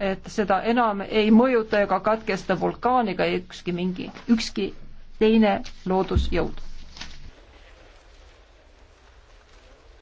et seda enam ei mõjuta ega katkesta vulkaaniga ükski mingi, ükski teine loodusjõud